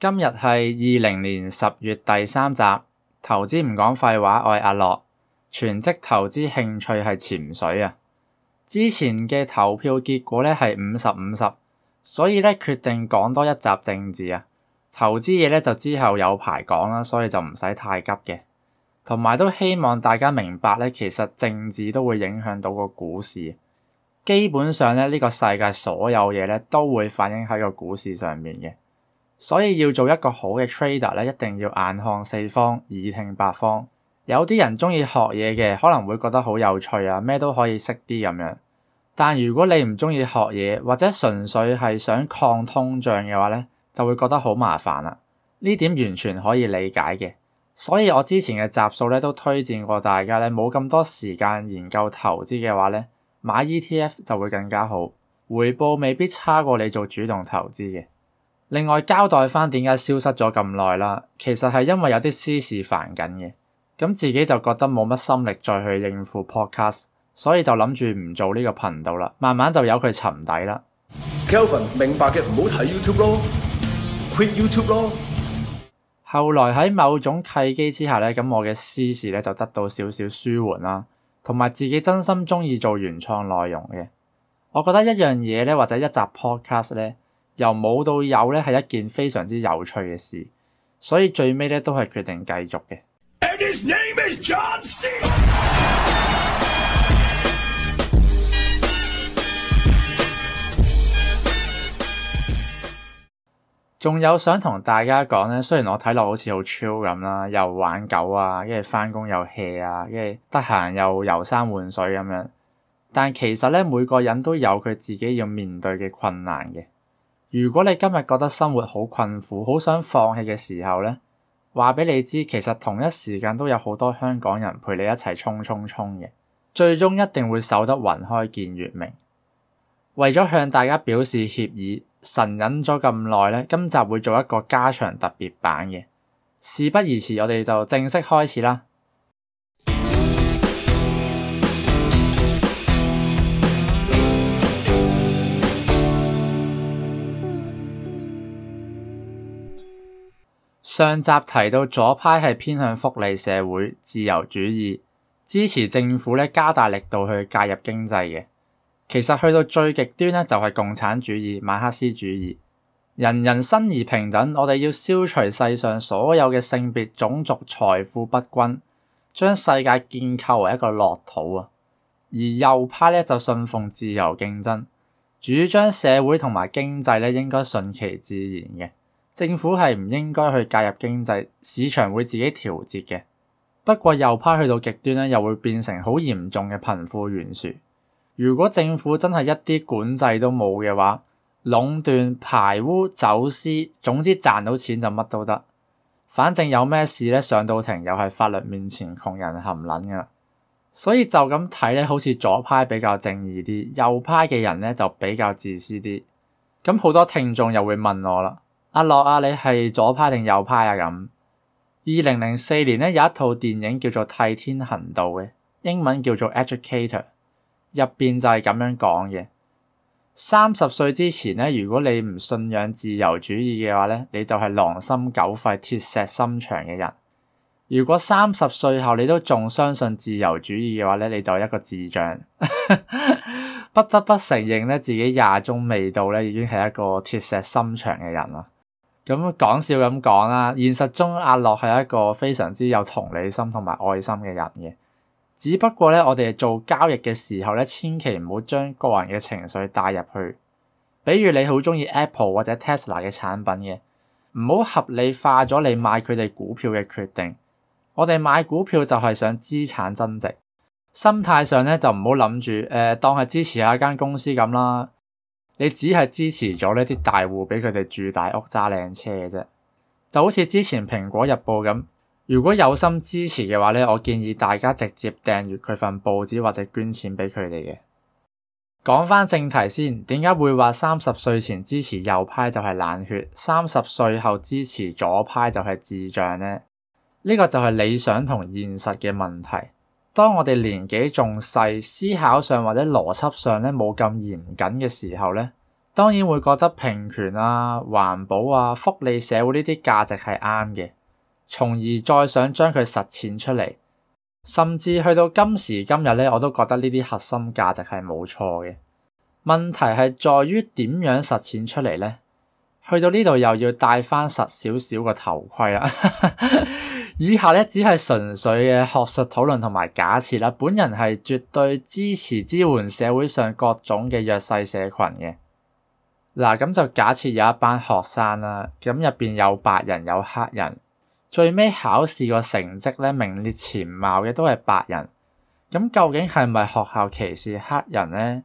今日係二零年十月第三集，投資唔講廢話，我係阿樂，全職投資興趣係潛水啊！之前嘅投票結果咧係五十五十，50，所以咧決定講多一集政治啊！投資嘢咧就之後有排講啦，所以就唔使太急嘅。同埋都希望大家明白咧，其實政治都會影響到個股市，基本上咧呢個世界所有嘢咧都會反映喺個股市上面嘅。所以要做一個好嘅 trader 咧，一定要眼看四方，耳聽八方。有啲人中意學嘢嘅，可能會覺得好有趣啊，咩都可以識啲咁樣。但如果你唔中意學嘢，或者純粹係想抗通脹嘅話咧，就會覺得好麻煩啦。呢點完全可以理解嘅。所以我之前嘅集數咧都推薦過大家咧，冇咁多時間研究投資嘅話咧，買 ETF 就會更加好，回報未必差過你做主動投資嘅。另外交代翻點解消失咗咁耐啦，其實係因為有啲私事煩緊嘅，咁自己就覺得冇乜心力再去應付 podcast，所以就諗住唔做呢個頻道啦，慢慢就由佢沉底啦。Kelvin 明白嘅，唔好睇 YouTube 咯，quit YouTube 咯。後來喺某種契機之下咧，咁我嘅私事咧就得到少少舒緩啦，同埋自己真心中意做原創內容嘅，我覺得一樣嘢咧或者一集 podcast 咧。由冇到有呢係一件非常之有趣嘅事，所以最尾呢都係決定繼續嘅。仲有想同大家講呢，雖然我睇落好似好 chill 咁啦，又玩狗啊，跟住翻工又 hea 啊，跟住得閒又游山玩水咁樣，但其實呢，每個人都有佢自己要面對嘅困難嘅。如果你今日覺得生活好困苦，好想放棄嘅時候咧，話俾你知，其實同一時間都有好多香港人陪你一齊衝衝衝嘅，最終一定會守得雲開見月明。為咗向大家表示歉意，神忍咗咁耐咧，今集會做一個加長特別版嘅。事不宜遲，我哋就正式開始啦。上集提到左派係偏向福利社會、自由主義，支持政府咧加大力度去介入經濟嘅。其實去到最極端咧，就係共產主義、馬克思主義，人人生而平等，我哋要消除世上所有嘅性別、種族、財富不均，將世界建構為一個樂土啊！而右派咧就信奉自由競爭，主張社會同埋經濟咧應該順其自然嘅。政府係唔應該去介入經濟，市場會自己調節嘅。不過右派去到極端咧，又會變成好嚴重嘅貧富懸殊。如果政府真係一啲管制都冇嘅話，壟斷、排污、走私，總之賺到錢就乜都得。反正有咩事咧，上到庭又係法律面前窮人含撚噶啦。所以就咁睇咧，好似左派比較正義啲，右派嘅人咧就比較自私啲。咁好多聽眾又會問我啦。阿樂阿、啊、你係左派定右派啊？咁二零零四年咧，有一套電影叫做《替天行道》嘅，英文叫做《Educator》，入邊就係咁樣講嘅。三十歲之前咧，如果你唔信仰自由主義嘅話咧，你就係狼心狗肺、鐵石心腸嘅人；如果三十歲後你都仲相信自由主義嘅話咧，你就係一個智障。 不得不承認咧，自己廿中未到咧，已經係一個鐵石心腸嘅人啦。咁講笑咁講啦，現實中阿樂係一個非常之有同理心同埋愛心嘅人嘅，只不過咧，我哋做交易嘅時候咧，千祈唔好將個人嘅情緒帶入去。比如你好中意 Apple 或者 Tesla 嘅產品嘅，唔好合理化咗你買佢哋股票嘅決定。我哋買股票就係想資產增值，心態上咧就唔好諗住誒當係支持下一間公司咁啦。你只係支持咗呢啲大戶，俾佢哋住大屋揸靚車嘅啫，就好似之前《蘋果日報》咁。如果有心支持嘅話呢，我建議大家直接訂閲佢份報紙或者捐錢俾佢哋嘅。講翻正題先，點解會話三十歲前支持右派就係冷血，三十歲後支持左派就係智障呢？呢、呢個就係理想同現實嘅問題。當我哋年紀仲細，思考上或者邏輯上咧冇咁嚴謹嘅時候咧，當然會覺得平權啊、環保啊、福利社會呢啲價值係啱嘅，從而再想將佢實踐出嚟，甚至去到今時今日咧，我都覺得呢啲核心價值係冇錯嘅。問題係在於點樣實踐出嚟呢？去到呢度又要戴翻實少少個頭盔啦。 以下咧，只係純粹嘅學術討論同埋假設啦，本人係絕對支持支援社會上各種嘅弱勢社群嘅。嗱，啊，咁就假設有一班學生啦，咁入邊有白人有黑人，最尾考試個成績咧名列前茅嘅都係白人。咁究竟係咪學校歧視黑人呢？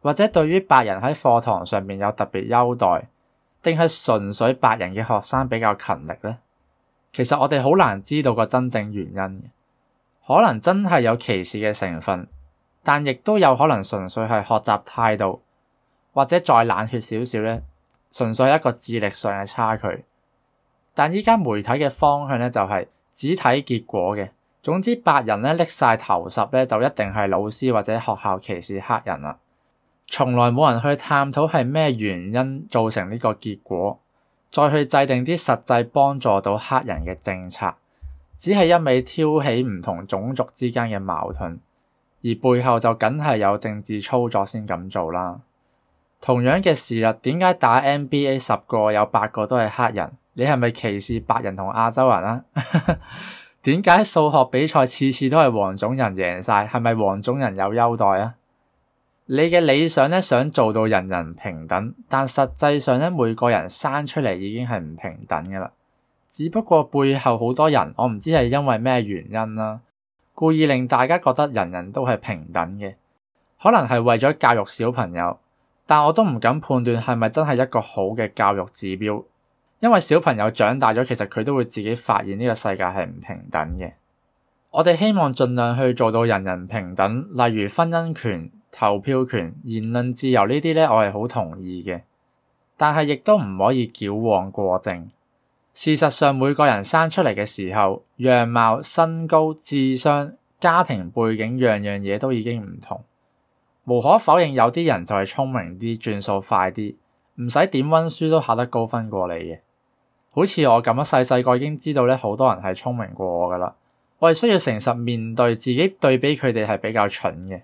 或者對於白人喺課堂上面有特別優待，定係純粹白人嘅學生比較勤力呢？其實我哋好難知道個真正原因，可能真係有歧視嘅成分，但亦都有可能純粹係學習態度，或者再冷血少少咧，純粹係一個智力上嘅差距。但依家媒體嘅方向咧就係只睇結果嘅，總之白人咧拎晒頭十咧就一定係老師或者學校歧視黑人啦，從來冇人去探討係咩原因造成呢個結果。再去制定啲實際幫助到黑人嘅政策，只係一味挑起唔同種族之間嘅矛盾，而背後就梗係有政治操作先咁做啦。同樣嘅事啦，點解打 NBA 十個有八個都係黑人？你係咪歧視白人同亞洲人啊？點解數學比賽次次都係黃種人贏晒？係咪黃種人有優待啊？你嘅理想咧，想做到人人平等，但實際上咧，每個人生出嚟已經係唔平等嘅啦。只不過背後好多人，我唔知係因為咩原因啦，故意令大家覺得人人都係平等嘅，可能係為咗教育小朋友，但我都唔敢判斷係咪真係一個好嘅教育指標，因為小朋友長大咗，其實佢都會自己發現呢個世界係唔平等嘅。我哋希望盡量去做到人人平等，例如婚姻權。投票權、言論自由呢啲咧，我係好同意嘅，但係亦都唔可以矯枉過正。事實上，每個人生出嚟嘅時候，樣貌、身高、智商、家庭背景，樣樣嘢都已經唔同。無可否認，有啲人就係聰明啲，轉數快啲，唔使點温書都考得高分過你嘅。好似我咁樣，細細個已經知道咧，好多人係聰明過我噶啦。我係需要誠實面對自己，對比佢哋係比較蠢嘅。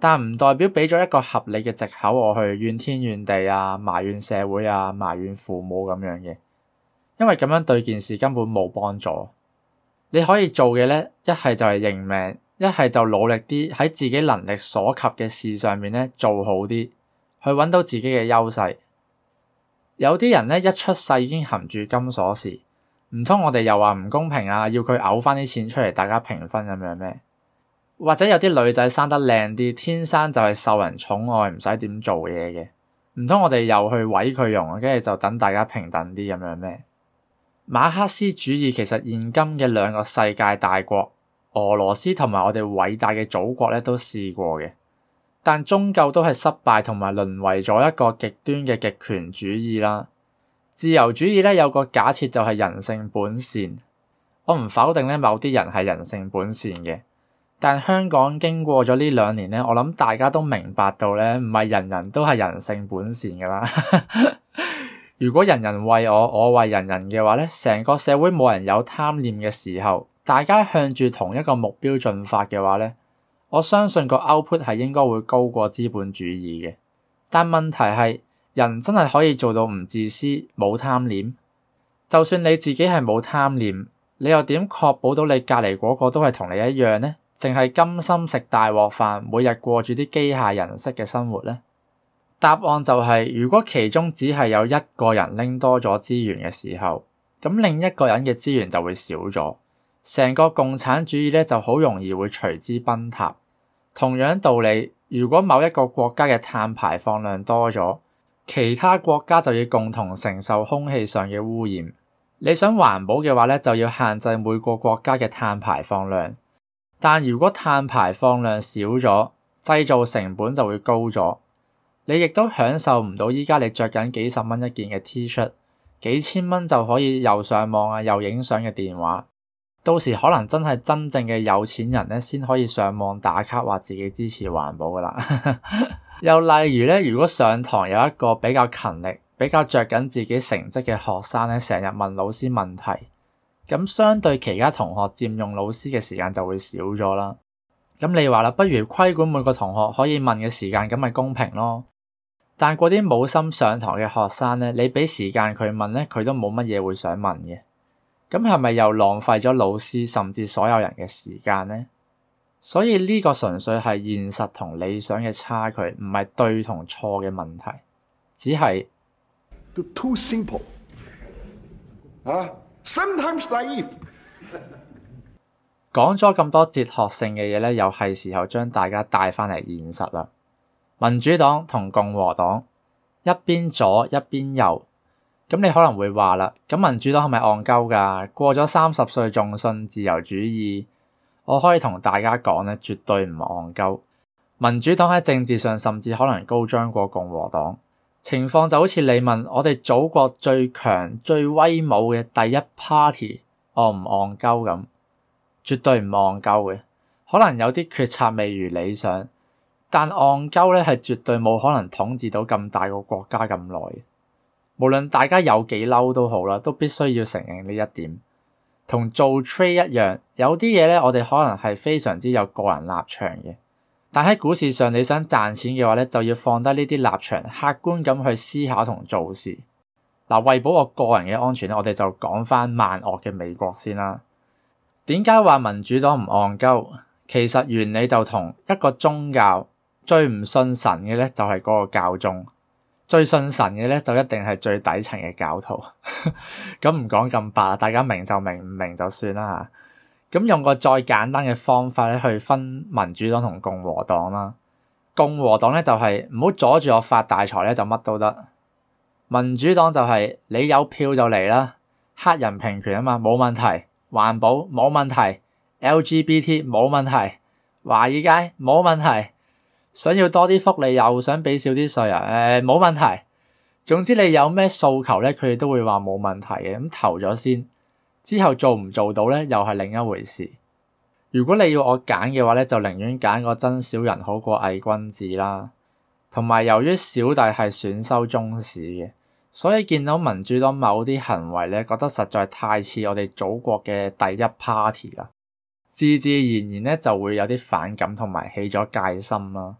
但唔代表俾咗一個合理嘅藉口，我去怨天怨地啊，埋怨社會啊，埋怨父母咁樣嘅，因為咁樣對件事根本冇幫助。你可以做嘅呢，一係就係認命，一係就努力啲喺自己能力所及嘅事上面呢做好啲，去揾到自己嘅優勢。有啲人呢，一出世已經含住金鎖匙，唔通我哋又話唔公平啊？要佢嘔返啲錢出嚟，大家平分咁樣咩？或者有啲女仔生，生得靚啲，天生就係受人寵愛，唔使點做嘢嘅。唔通我哋又去毀佢容，跟住就等大家平等啲咁樣咩？馬克思主義其實現今嘅兩個世界大國，俄羅斯同埋我哋偉大嘅祖國咧，都試過嘅，但終究都係失敗同埋淪為咗一個極端嘅極權主義啦。自由主義咧有個假設就係人性本善，我唔否定咧，某啲人係人性本善嘅。但香港經過咗呢兩年咧，我諗大家都明白到咧，唔係人人都係人性本善噶啦。 如果人人為我，我為人人嘅話咧，成個社會冇人有貪念嘅時候，大家向住同一個目標進發嘅話咧，我相信個 output 係應該會高過資本主義嘅。但問題係，人真係可以做到唔自私、冇貪念？就算你自己係冇貪念，你又點確保到你隔籬嗰個都係同你一樣呢？淨係甘心食大鑊飯，每日過住啲機械人式嘅生活呢？答案就係，如果其中只係有一個人拎多咗資源嘅時候，咁另一個人嘅資源就會少咗，成個共產主義咧就好容易會隨之崩塌。同樣道理，如果某一個國家嘅碳排放量多咗，其他國家就要共同承受空氣上嘅污染。你想環保嘅話咧，就要限制每個國家嘅碳排放量。但如果碳排放量少咗，製造成本就會高咗，你亦都享受唔到依家你着緊幾十蚊一件嘅 T-shirt，幾千蚊就可以又上網呀又影相嘅電話。到時可能真係真正嘅有錢人咧，先可以上網打卡話自己支持環保㗎喇。 又例如咧，如果上堂有一個比較勤力、比較着緊自己成績嘅學生咧，成日問老師問題。咁相對其他同學佔用老師嘅時間就會少咗啦。咁你話啦，不如規管每個同學可以問嘅時間，咁咪公平咯。但嗰啲冇心上堂嘅學生呢，你俾時間佢問呢，佢都冇乜嘢會想問嘅。咁係咪又浪費咗老師甚至所有人嘅時間呢？所以呢個純粹係現實同理想嘅差距，唔係對同錯嘅問題，只係。Too simple. Ah? Sometimes life。講咗咁多哲學性嘅嘢咧，又係時候將大家帶翻嚟現實啦。民主黨同共和黨一邊左一邊右，咁你可能會話啦，咁民主黨係咪戇鳩㗎？過咗三十歲仲信自由主義，我可以同大家講咧，絕對唔戇鳩。民主黨喺政治上甚至可能高張過共和黨。情況就好似你問我哋祖國最強最威武嘅第一 party，戇唔戇鳩咁？絕對唔戇鳩嘅。可能有啲決策未如理想，但戇鳩咧係絕對冇可能統治到咁大個國家咁耐。無論大家有幾嬲都好啦，都必須要承認呢一點。同做 trade 一樣，有啲嘢咧，我哋可能係非常之有個人立場嘅。但喺股市上，你想賺錢嘅話咧，就要放低呢啲立場，客觀咁去思考同做事。嗱、呃，為保我個人嘅安全咧，我哋就講翻萬惡嘅美國先啦。點解話民主黨唔戇鳩？其實原理就同一個宗教，最唔信神嘅咧就係、是、嗰個教宗，最信神嘅咧就一定係最底層嘅教徒。咁 唔講咁白，大家明就明，唔明就算啦吓。咁用個再簡單嘅方法咧，去分民主黨同共和黨啦。共和黨咧就係唔好阻住我發大財咧，就乜都得。民主黨就係你有票就嚟啦，黑人平權啊嘛，冇問題，環保冇問題，LGBT 冇問題，華爾街冇問題，想要多啲福利又想俾少啲稅啊，誒、欸、冇問題。總之你有咩訴求咧，佢哋都會話冇問題嘅。咁投咗先。之後做唔做到呢？又係另一回事。如果你要我揀嘅話呢，就寧願揀個真小人好過偽君子啦。同埋由於小弟係選修中史嘅，所以見到民主黨某啲行為呢，覺得實在太似我哋祖國嘅第一 party 啦，自自然然呢，就會有啲反感同埋起咗戒心啦。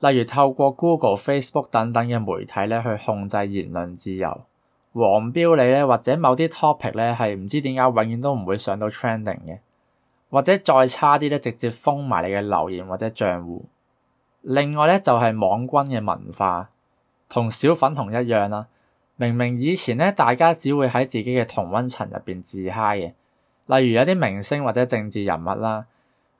例如透過 Google、Facebook 等等嘅媒體呢，去控制言論自由。黃標你咧，或者某啲 topic 咧，係唔知點解永遠都唔會上到 trending 嘅，或者再差啲咧，直接封埋你嘅留言或者賬戶。另外咧，就係網軍嘅文化，同小粉紅一樣啦。明明以前咧，大家只會喺自己嘅同溫層入邊自嗨嘅，例如有啲明星或者政治人物啦，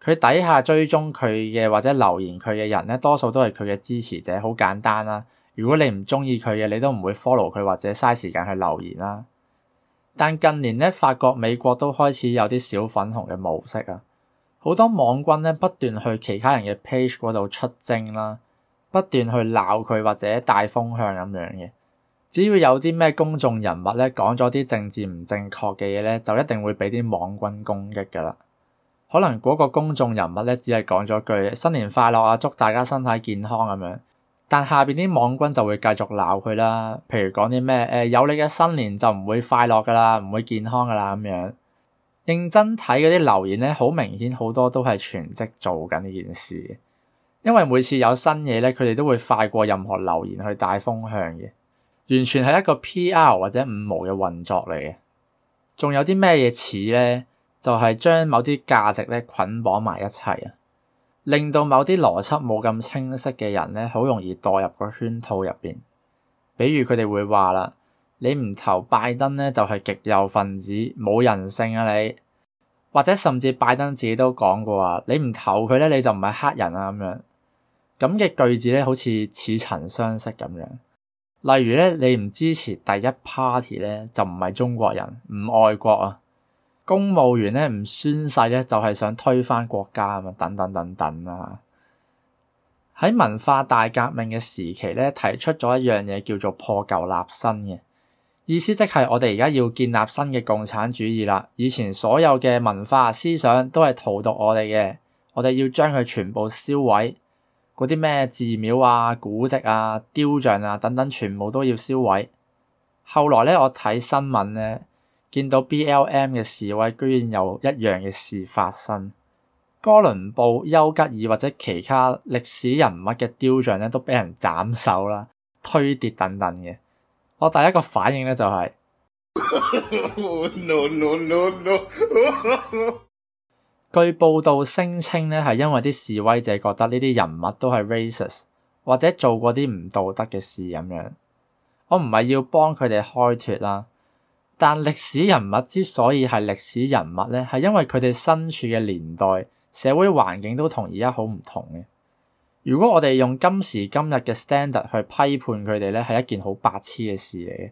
佢底下追蹤佢嘅或者留言佢嘅人咧，多數都係佢嘅支持者，好簡單啦。如果你唔中意佢嘅，你都唔會 follow 佢或者嘥時間去留言啦。但近年咧，發覺美國都開始有啲小粉紅嘅模式啊，好多網軍咧，不斷去其他人嘅 page 度出征啦，不斷去鬧佢或者帶風向咁樣嘅。只要有啲咩公眾人物咧，講咗啲政治唔正確嘅嘢咧，就一定會俾啲網軍攻擊噶啦。可能嗰個公眾人物咧，只係講咗句新年快樂啊，祝大家身體健康咁樣。但下邊啲網軍就會繼續鬧佢啦，譬如講啲咩誒，有你嘅新年就唔會快樂㗎喇，唔會健康㗎喇咁樣。認真睇嗰啲留言咧，好明顯好多都係全職做緊呢件事，因為每次有新嘢咧，佢哋都會快過任何留言去帶風向嘅，完全係一個 PR 或者五毛嘅運作嚟嘅。仲有啲咩嘢似咧？就係、是、將某啲價值咧捆綁埋一齊啊！令到某啲邏輯冇咁清晰嘅人咧，好容易墮入個圈套入邊。比如佢哋會話啦，你唔投拜登咧就係極右分子，冇人性啊你。或者甚至拜登自己都講過話，你唔投佢咧你就唔係黑人啊咁樣。咁嘅句子咧好似似曾相識咁樣。例如咧，你唔支持第一 Party 咧就唔係中國人，唔愛國啊。公務員咧唔宣誓咧，就係想推翻國家啊嘛，等等等等啦、啊。喺文化大革命嘅時期咧，提出咗一樣嘢叫做破舊立新嘅，意思即係我哋而家要建立新嘅共產主義啦。以前所有嘅文化思想都係荼毒我哋嘅，我哋要將佢全部燒毀。嗰啲咩寺廟啊、古蹟啊、雕像啊等等，全部都要燒毀。後來咧，我睇新聞咧。.見到 BLM 嘅示威，居然有一樣嘅事發生，哥倫布、丘吉爾或者其他歷史人物嘅雕像呢，都俾人斬首啦、推跌等等嘅。我第一個反應呢，就係，據報道聲稱呢，係因為啲示威者覺得呢啲人物都係 racist 或者做過啲唔道德嘅事咁樣。我唔係要幫佢哋開脫啦。但歷史人物之所以係歷史人物呢，係因為佢哋身處嘅年代、社會環境都同而家好唔同嘅。如果我哋用今時今日嘅 standard 去批判佢哋呢，係一件好白痴嘅事嚟嘅。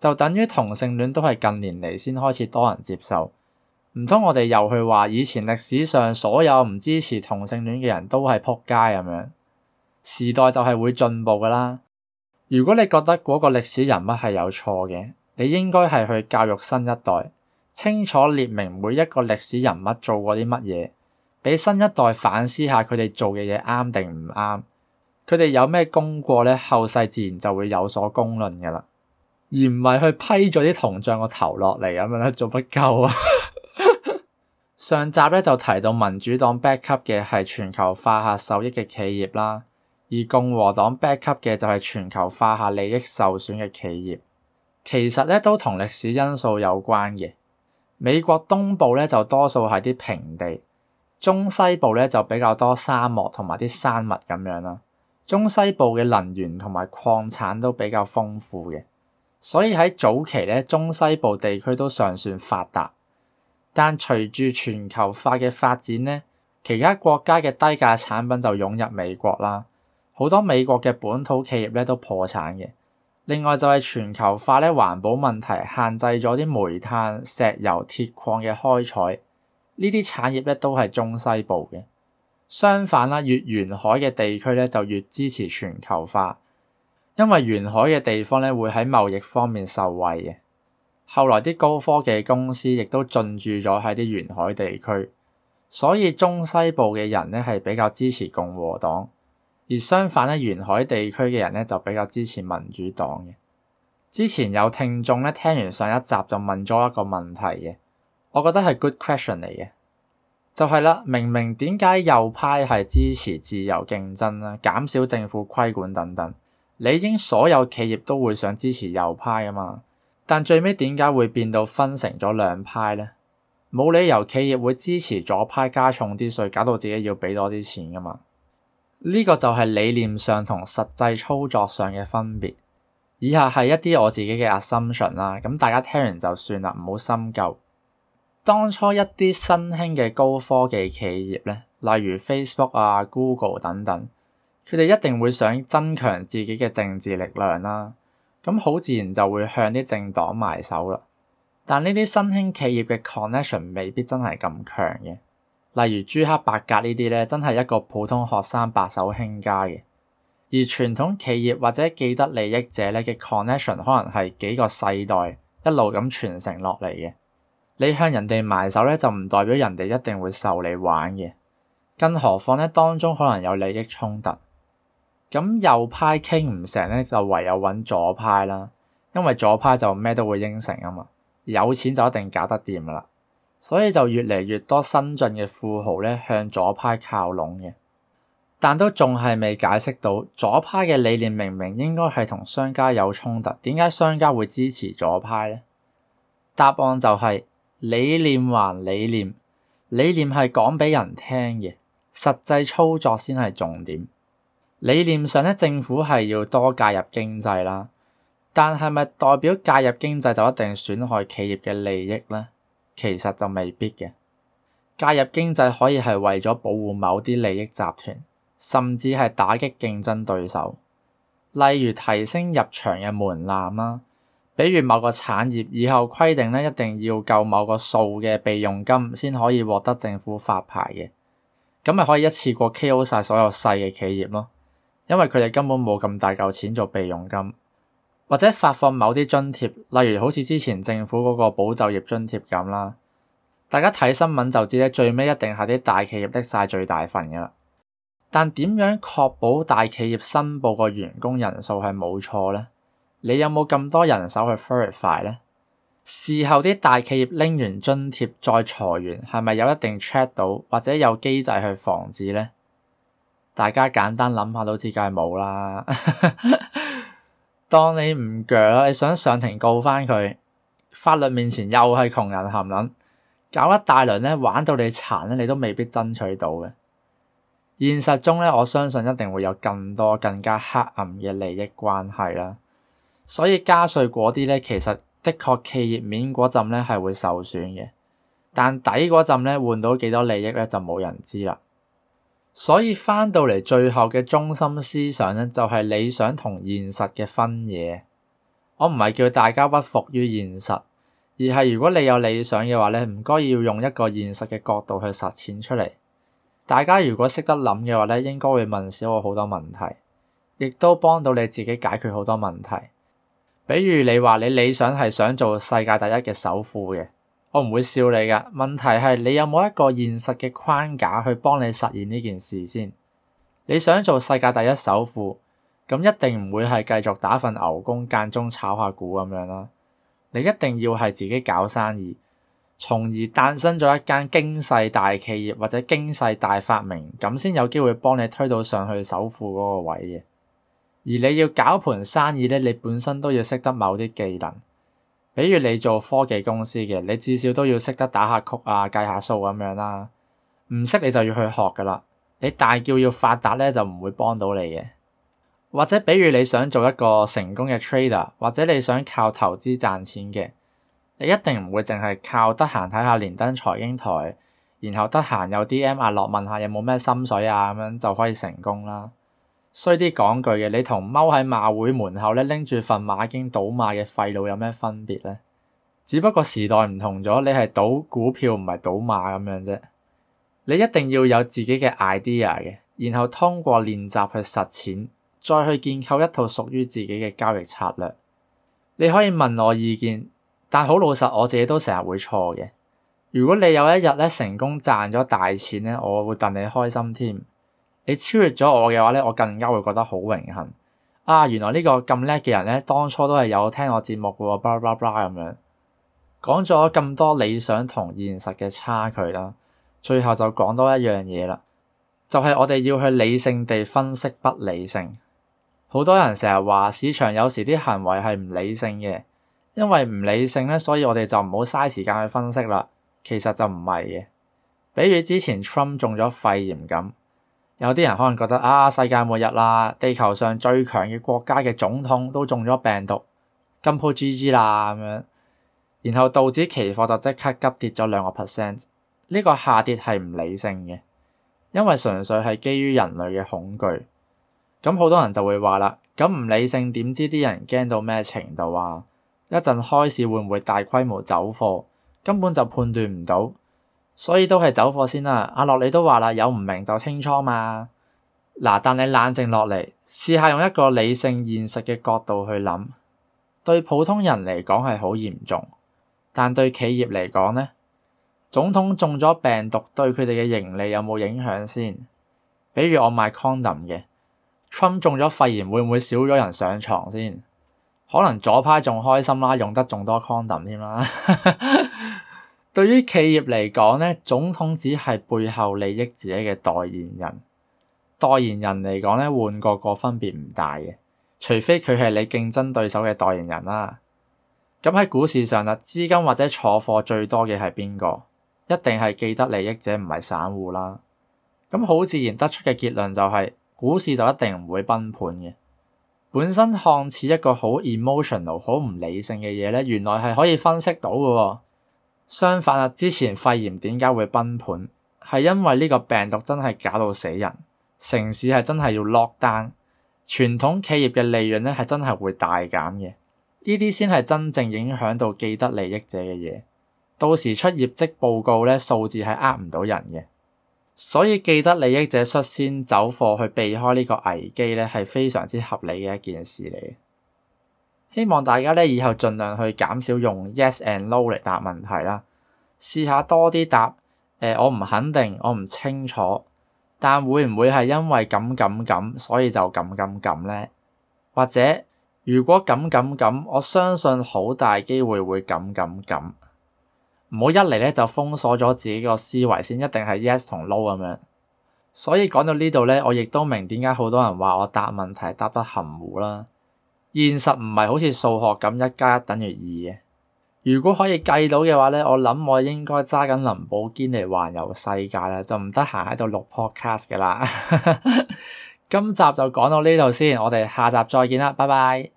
就等於同性戀都係近年嚟先開始多人接受，唔通我哋又去話以前歷史上所有唔支持同性戀嘅人都係撲街咁樣？時代就係會進步噶啦。如果你覺得嗰個歷史人物係有錯嘅，你應該係去教育新一代，清楚列明每一個歷史人物做過啲乜嘢，俾新一代反思下佢哋做嘅嘢啱定唔啱，佢哋有咩功過咧？後世自然就會有所公論噶啦，而唔係去批咗啲銅像個頭落嚟咁樣咧，做乜鳩啊？ 上集咧就提到民主黨 back 級嘅係全球化下受益嘅企業啦，而共和黨 back 級嘅就係全球化下利益受損嘅企業。其實咧都同歷史因素有關嘅。美國東部咧就多數係啲平地，中西部咧就比較多沙漠同埋啲山脈咁樣啦。中西部嘅能源同埋礦產都比較豐富嘅，所以喺早期咧中西部地區都尚算發達。但隨住全球化嘅發展咧，其他國家嘅低價產品就湧入美國啦，好多美國嘅本土企業咧都破產嘅。另外就係全球化咧，環保問題限制咗啲煤炭、石油、鐵礦嘅開採，呢啲產業咧都係中西部嘅。相反啦，越沿海嘅地區咧就越支持全球化，因為沿海嘅地方咧會喺貿易方面受惠嘅。後來啲高科技公司亦都進駐咗喺啲沿海地區，所以中西部嘅人咧係比較支持共和黨。而相反咧，沿海地區嘅人咧就比較支持民主黨嘅。之前有聽眾咧聽完上一集就問咗一個問題嘅，我覺得係 good question 嚟嘅，就係啦，明明點解右派係支持自由競爭啦，減少政府規管等等，理應所有企業都會想支持右派啊嘛，但最尾點解會變到分成咗兩派呢？冇理由企業會支持左派加重啲稅，搞到自己要俾多啲錢噶嘛。呢個就係理念上同實際操作上嘅分別。以下係一啲我自己嘅 assumption 啦，咁大家聽完就算啦，唔好深究。當初一啲新興嘅高科技企業咧，例如 Facebook 啊、Google 等等，佢哋一定會想增強自己嘅政治力量啦，咁好自然就會向啲政黨埋手啦。但呢啲新興企業嘅 connection 未必真係咁強嘅。例如朱克伯格呢啲咧，真係一個普通學生白手興家嘅。而傳統企業或者既得利益者咧嘅 connection 可能係幾個世代一路咁傳承落嚟嘅。你向人哋埋手咧，就唔代表人哋一定會受你玩嘅。更何況咧，當中可能有利益衝突。咁右派傾唔成咧，就唯有揾左派啦。因為左派就咩都會應承啊嘛，有錢就一定搞得掂噶啦。所以就越嚟越多新進嘅富豪咧，向左派靠攏嘅，但都仲係未解釋到左派嘅理念，明明應該係同商家有衝突，點解商家會支持左派呢？答案就係理念還理念，理念係講俾人聽嘅，實際操作先係重點。理念上咧，政府係要多介入經濟啦，但係咪代表介入經濟就一定損害企業嘅利益呢？其實就未必嘅，介入經濟可以係為咗保護某啲利益集團，甚至係打擊競爭對手。例如提升入場嘅門檻啦，比如某個產業以後規定咧一定要夠某個數嘅備用金先可以獲得政府發牌嘅，咁咪可以一次過 KO 晒所有細嘅企業咯，因為佢哋根本冇咁大嚿錢做備用金。或者發放某啲津貼，例如好似之前政府嗰個保就業津貼咁啦，大家睇新聞就知咧，最尾一定係啲大企業拎晒最大份嘅啦。但點樣確保大企業申報個員工人數係冇錯呢？你有冇咁多人手去 verify 咧？事後啲大企業拎完津貼再裁員，係咪有一定 check 到，或者有機制去防止呢？大家簡單諗下都知，梗係冇啦。當你唔鋸，你想上庭告翻佢，法律面前又係窮人含撚，搞一大輪咧，玩到你殘咧，你都未必爭取到嘅。現實中咧，我相信一定會有更多更加黑暗嘅利益關係啦。所以加稅嗰啲咧，其實的確企業面嗰陣咧係會受損嘅，但底嗰陣咧換到幾多利益咧就冇人知啦。所以翻到嚟最後嘅中心思想呢，就係理想同現實嘅分野。我唔係叫大家屈服於現實，而係如果你有理想嘅話咧，唔該要用一個現實嘅角度去實踐出嚟。大家如果識得諗嘅話呢，應該會問少我好多問題，亦都幫到你自己解決好多問題。比如你話你理想係想做世界第一嘅首富嘅。我唔會笑你噶，問題係你有冇一個現實嘅框架去幫你實現呢件事先。你想做世界第一首富，咁一定唔會係繼續打份牛工，間中炒下股咁樣啦。你一定要係自己搞生意，從而誕生咗一間驚世大企業或者驚世大發明，咁先有機會幫你推到上去首富嗰個位嘅。而你要搞盤生意咧，你本身都要識得某啲技能。比如你做科技公司嘅，你至少都要識得打下曲啊，計下數咁樣啦。唔識你就要去學㗎喇。你大叫要發達呢，就唔會幫到你嘅。或者比如你想做一個成功嘅 trader，或者你想靠投資賺錢嘅，你一定唔會淨係靠得閒睇下連登財經台，然後得閒有 DM 阿、啊、樂問下有冇咩心水啊，咁樣就可以成功啦。衰啲講句嘅，你同踎喺馬會門口咧拎住份馬經賭馬嘅廢佬有咩分別呢？只不過時代唔同咗，你係賭股票唔係賭馬咁樣啫。你一定要有自己嘅 idea 嘅，然後通過練習去實踐，再去建構一套屬於自己嘅交易策略。你可以問我意見，但好老實，我自己都成日會錯嘅。如果你有一日咧成功賺咗大錢咧，我會戥你開心添。你超越咗我嘅話咧，我更加會覺得好榮幸啊！原來呢個咁叻嘅人咧，當初都係有聽我節目㗎喎，巴拉巴拉咁樣講咗咁多理想同現實嘅差距啦。最後就講多一樣嘢啦，就係我哋要去理性地分析不理性。好多人成日話市場有時啲行為係唔理性嘅，因為唔理性咧，所以我哋就唔好嘥時間去分析啦。其實就唔係嘅，比如之前 Trump 中咗肺炎咁。有啲人可能覺得啊，世界末日啦，地球上最強嘅國家嘅總統都中咗病毒，金鋪 GG 啦咁樣，然後導致期貨就即刻急跌咗兩個 percent，呢個下跌係唔理性嘅，因為純粹係基於人類嘅恐懼。咁好多人就會話啦，咁唔理性點知啲人驚到咩程度啊？一陣開市會唔會大規模走貨，根本就判斷唔到。所以都係走貨先啦，阿、啊、樂你都話啦，有唔明就清倉嘛。嗱，但你冷靜落嚟，試下用一個理性現實嘅角度去諗，對普通人嚟講係好嚴重，但對企業嚟講呢，總統中咗病毒對佢哋嘅盈利有冇影響先？比如我賣 condom 嘅，Trump 中咗肺炎會唔會少咗人上床先？可能左派仲開心啦、啊，用得仲多 condom 添、啊、啦。 對於企業嚟講咧，總統只係背後利益自己嘅代言人。代言人嚟講咧，換個個分別唔大嘅，除非佢係你競爭對手嘅代言人啦。咁喺股市上啦，資金或者坐貨最多嘅係邊個？一定係既得利益者，唔係散戶啦。咁好自然得出嘅結論就係、是，股市就一定唔會崩盤嘅。本身看似一個好 emotional、好唔理性嘅嘢咧，原來係可以分析到嘅。相反啊，之前肺炎點解會崩盤？係因為呢個病毒真係搞到死人，城市係真係要 lock down，傳統企業嘅利潤咧係真係會大減嘅。呢啲先係真正影響到既得利益者嘅嘢。到時出業績報告咧，數字係呃唔到人嘅。所以既得利益者率先走貨去避開呢個危機咧，係非常之合理嘅一件事嚟。希望大家咧，以後盡量去減少用 yes and no 嚟答問題啦，試下多啲答，誒、呃，我唔肯定，我唔清楚，但會唔會係因為咁咁咁，所以就咁咁咁呢？或者如果咁咁咁，我相信好大機會會咁咁咁，唔好一嚟咧就封鎖咗自己個思維，先一定係 yes 同 no 咁樣。所以講到呢度咧，我亦都明點解好多人話我答問題答得含糊啦。現實唔係好似數學咁一加一等於二嘅。如果可以計到嘅話咧，我諗我應該揸緊林寶堅嚟環遊世界啦，就唔得閒喺度錄 podcast 噶啦。 今集就講到呢度先，我哋下集再見啦，拜拜。